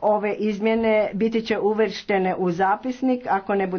ove izmjene biti će uvrštene u zapisnik ako ne bude